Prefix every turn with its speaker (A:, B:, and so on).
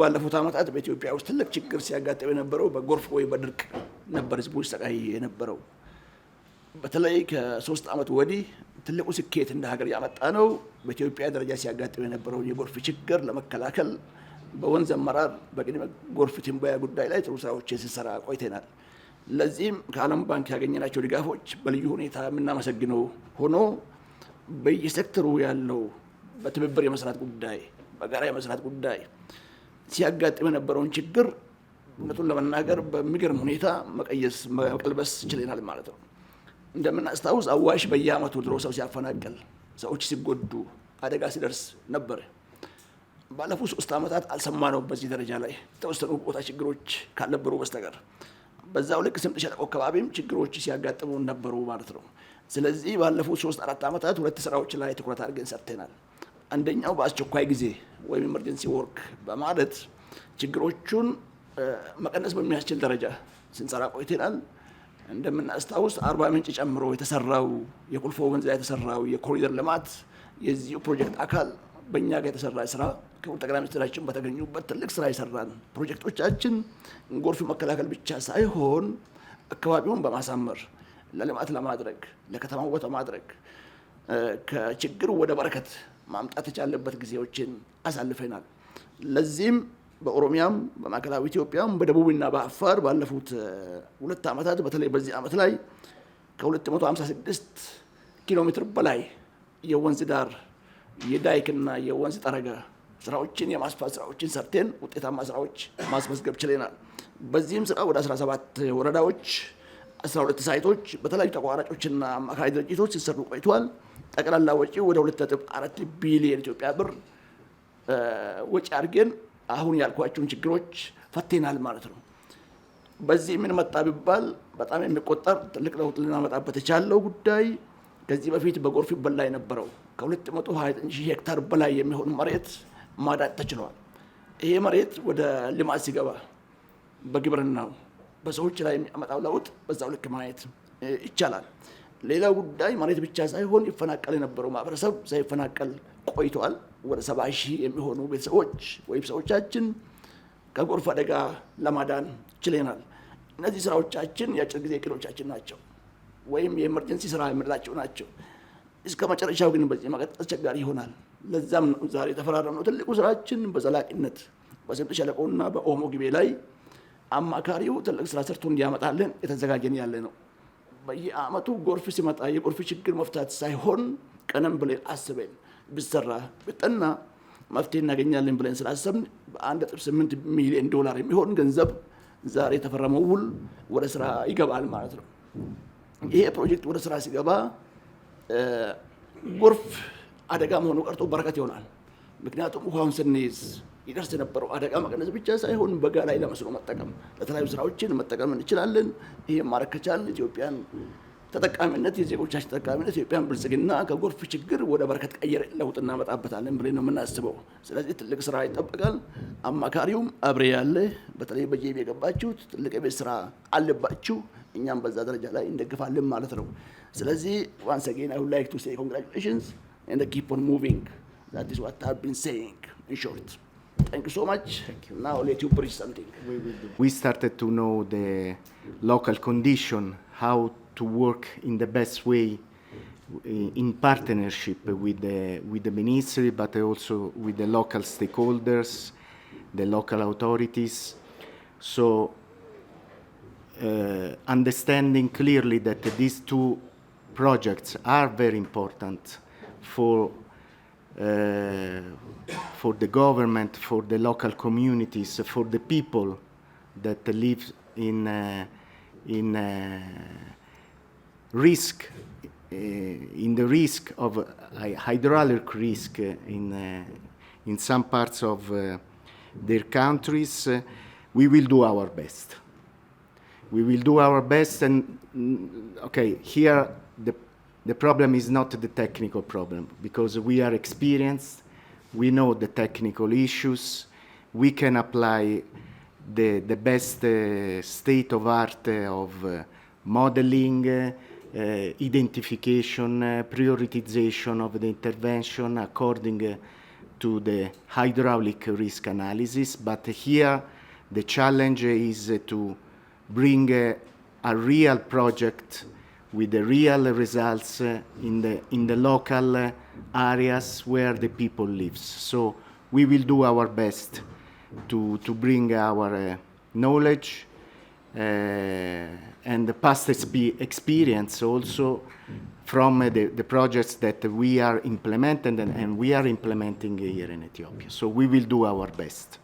A: ባለፉት ዓመታት በኢትዮጵያ ውስጥ ትልቅ ችግር ሲያጋጥም የነበረው በጎርፍ ወይ በድርቅ ነበር ህዝቡ ሲሰቃይ የነበረው። በተለይ ከሶስት ዓመት ወዲህ ትልቁ ስኬት እንደ ሀገር ያመጣ ነው በኢትዮጵያ ደረጃ ሲያጋጥም የነበረው የጎርፍ ችግር ለመከላከል በወንዝ አመራር በቅድመ ጎርፍ ትንበያ ጉዳይ ላይ ጥሩ ስራዎች ስንሰራ ቆይተናል። ለዚህም ከዓለም ባንክ ያገኘናቸው ድጋፎች በልዩ ሁኔታ የምናመሰግነው ሆኖ በየሴክተሩ ያለው በትብብር የመስራት ጉዳይ፣ በጋራ የመስራት ጉዳይ ሲያጋጥም የነበረውን ችግር እውነቱን ለመናገር በሚገርም ሁኔታ መቀየስ መቀልበስ ችለናል ማለት ነው። እንደምናስታውስ አዋሽ በየዓመቱ ድሮ ሰው ሲያፈናቅል፣ ሰዎች ሲጎዱ፣ አደጋ ሲደርስ ነበር። ባለፉት ሶስት ዓመታት ነው በዚህ ደረጃ ላይ የተወሰኑ ቦታ ችግሮች ካልነበሩ በስተቀር በዛው ልክ ስምጥ ሸለቆ አካባቢም ችግሮች ሲያጋጥሙ ነበሩ ማለት ነው። ስለዚህ ባለፉት ሶስት አራት ዓመታት ሁለት ስራዎች ላይ ትኩረት አድርገን ሰርተናል። አንደኛው በአስቸኳይ ጊዜ ወይም ኢመርጀንሲ ወርክ በማለት ችግሮቹን መቀነስ በሚያስችል ደረጃ ስንሰራ ቆይተናል። እንደምናስታውስ አርባ ምንጭ ጨምሮ የተሰራው የቁልፎ ወንዝ ላይ የተሰራው የኮሪደር ልማት የዚሁ ፕሮጀክት አካል በእኛ ጋር የተሰራ ስራ ክቡር ጠቅላይ ሚኒስትራችን በተገኙበት ትልቅ ስራ ይሰራል። ፕሮጀክቶቻችን ጎርፍ መከላከል ብቻ ሳይሆን አካባቢውን በማሳመር ለልማት ለማድረግ ለከተማ ውበት ለማድረግ ከችግር ወደ በረከት ማምጣት የቻለበት ጊዜዎችን አሳልፈናል። ለዚህም በኦሮሚያም በማዕከላዊ ኢትዮጵያም በደቡብና በአፋር ባለፉት ሁለት ዓመታት በተለይ በዚህ ዓመት ላይ ከ256 ኪሎ ሜትር በላይ የወንዝ ዳር የዳይክና የወንዝ ጠረገ ስራዎችን የማስፋት ስራዎችን ሰርቴን ውጤታማ ስራዎች ማስመዝገብ ችለናል። በዚህም ስራ ወደ 17 ወረዳዎች አስራ ሁለት ሳይቶች በተለያዩ ተቋራጮችና አማካሪ ድርጅቶች ሲሰሩ ቆይተዋል። ጠቅላላ ወጪ ወደ ሁለት ነጥብ አራት ቢሊየን ኢትዮጵያ ብር ወጪ አድርገን አሁን ያልኳቸውን ችግሮች ፈቴናል ማለት ነው። በዚህ ምን መጣ ቢባል በጣም የሚቆጠር ትልቅ ለውጥ ልናመጣበት የቻለው ጉዳይ ከዚህ በፊት በጎርፍ ይበላ የነበረው ከ229 ሄክታር በላይ የሚሆን መሬት ማዳት ተችሏል። ይሄ መሬት ወደ ልማት ሲገባ በግብርናው በሰዎች ላይ የሚያመጣው ለውጥ በዛው ልክ ማየት ይቻላል። ሌላው ጉዳይ መሬት ብቻ ሳይሆን ይፈናቀል የነበረው ማህበረሰብ ሳይፈናቀል ቆይተዋል። ወደ ሰባ ሺህ የሚሆኑ ቤተሰቦች ወይም ሰዎቻችን ከጎርፍ አደጋ ለማዳን ችለናል። እነዚህ ስራዎቻችን የአጭር ጊዜ እቅዶቻችን ናቸው፣ ወይም የኤመርጀንሲ ስራ የምንላቸው ናቸው። እስከ መጨረሻው ግን በዚህ መቀጠል አስቸጋሪ ይሆናል። ለዛም ነው ዛሬ የተፈራረምነው ትልቁ ስራችን በዘላቂነት በስምጥ ሸለቆና በኦሞ ጊቤ ላይ አማካሪው ትልቅ ስራ ሰርቶ እንዲያመጣልን የተዘጋጀን ያለ ነው። በየአመቱ ጎርፍ ሲመጣ የጎርፍ ችግር መፍታት ሳይሆን ቀንም ብለን አስበን ብሰራ ብጠና መፍትሄ እናገኛለን ብለን ስላሰብን በአንድ ነጥብ ስምንት ሚሊዮን ዶላር የሚሆን ገንዘብ ዛሬ የተፈረመው ውል ወደ ስራ ይገባል ማለት ነው። ይሄ ፕሮጀክት ወደ ስራ ሲገባ ጎርፍ አደጋ መሆኑ ቀርቶ በረከት ይሆናል። ምክንያቱም ውሃውን ስንይዝ ይደርስ የነበረው አደጋ መቀነስ ብቻ ሳይሆን በጋ ላይ ለመስኖ መጠቀም ለተለያዩ ስራዎችን መጠቀም እንችላለን። ይህ ማድረግ ከቻልን ኢትዮጵያን ተጠቃሚነት የዜጎቻችን ተጠቃሚነት ኢትዮጵያን ብልጽግና ከጎርፍ ችግር ወደ በረከት ቀየር ለውጥ እናመጣበታለን ብለን ነው የምናስበው። ስለዚህ ትልቅ ስራ ይጠበቃል። አማካሪውም አብሬ ያለ በተለይ በጄቢ የገባችሁት ትልቅ የቤት ስራ አለባችሁ። እኛም በዛ ደረጃ ላይ እንደግፋለን ማለት ነው። ስለዚህ ዋንስ አጌን አይ ላይክ ቱ ሴ ኮንግራቹሌሽንስ ኤንድ ኪፕ ኦን ሙቪንግ ዛት ኢዝ ዋት አይ ቢን ሴይንግ ኢን ሾርት Thank you so much. Thank you. Now let you preach something. We will
B: do. We started to know the local condition, how to work in the best way eh, in partnership with the, with the ministry, but also with the local stakeholders, the local authorities. So, uh, understanding clearly that these two projects are very important for uh, for the government, for the local communities, for the people that live in, uh, in uh, risk in the risk of uh, hydraulic risk in uh, in some parts of uh, their countries, we will do our best. We will do our best, and mm, okay, here the the problem is not the technical problem because we are experienced, we know the technical issues, we can apply the, the best uh, state of art uh, of uh, modeling, uh, uh identification, uh, prioritization of the intervention according to the hydraulic risk analysis. But here the challenge is to bring a real project with the real results uh, in the in the local uh, areas where the people lives. So we will do our best to to bring our uh, knowledge and the past experience also from uh, the, the, projects that we are implementing and, and we are implementing here in Ethiopia. So we will do our best.